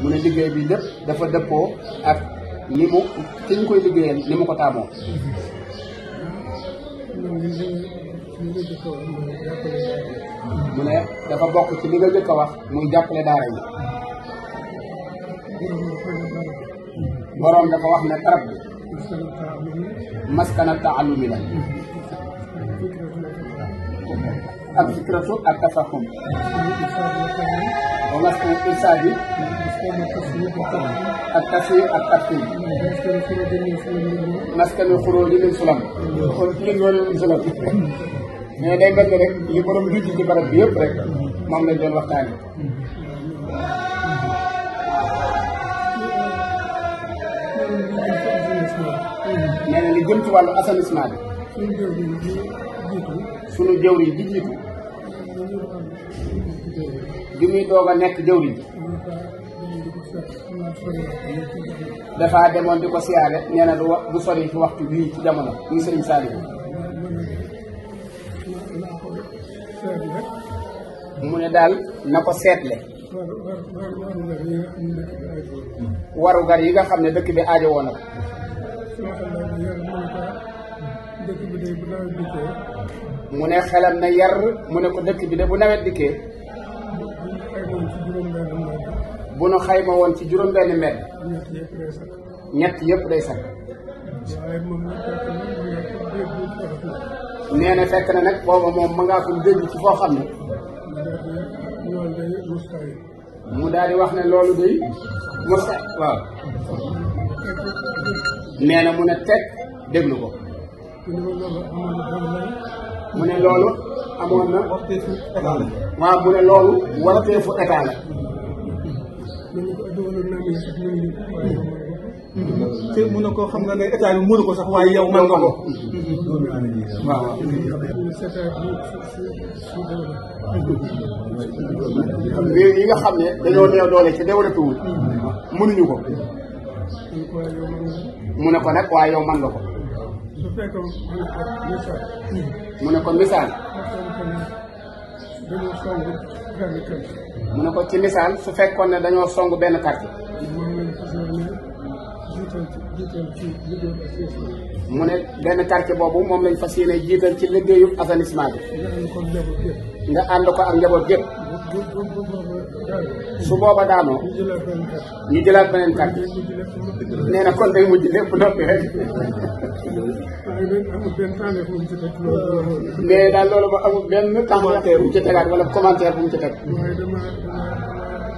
mu ne liggéey bi lépp dafa dëppoo ak ni mu ci ñu ni mu ko taamoo. mu ne dafa bokk ci li nga jëkk wax muy jàppale daara yi. boroom dafa wax ne tarab bi maskana taallumi la. ak fikratu ak maska wa maskan isaadi ak tasir ak tartim maskanu xuróoji min sulam min wala min sulam mais day mel ni rek li borom juuti ci barab bi yëpp rek moom lañ doon waxtaane nee na li jëm ci wàllu assainissement bi suñu jëwri ji jiitu bi muy doog a nekk jëwriñ dafa demoon di ko siyaare nee na du sori fi waxtu bii ci jamono mu ne daal na ko seetle warugar yi nga xam ne dëkk bi aajo woon na mu ne xelam na yar mu ne ko dëkk bi de bu nawet dikkee. bu nu xayma woon ci juróom benn mbedd. ñett yëpp day sax. nee na fekk na nag booba moom ma ngaa ko dégg ci foo xam ne. mu daal wax ne loolu day musta waaw. nee na mu ne teg déglu ko. mu ne loolu amoon na. warteefu état la. waaw mu ne loolu warteefu état la. te mën na koo xam nga ne état bi mënu ko sax waaye yow mën nga ko. waaw. réew yi nga xam ne dañoo néew doole ci développé wul mënuñu ko. mu ne ko nag waaye yow mën nga ko. su mu ne ko misaal. mu ne ko ci misaal su fekkoon ne dañoo song benn quartier. mu ne benn quartier boobu moom lañ fas yéene jiital ci liggéeyub assainissement bi. nga ànd ko ak njaboot gépp su booba daanoo ñu jëlaat beneen carte nee na kon day mujj lépp noppi rek mais daal loolu ba amul benn commentaire bu mu ci tegaat wala commentaire bu mu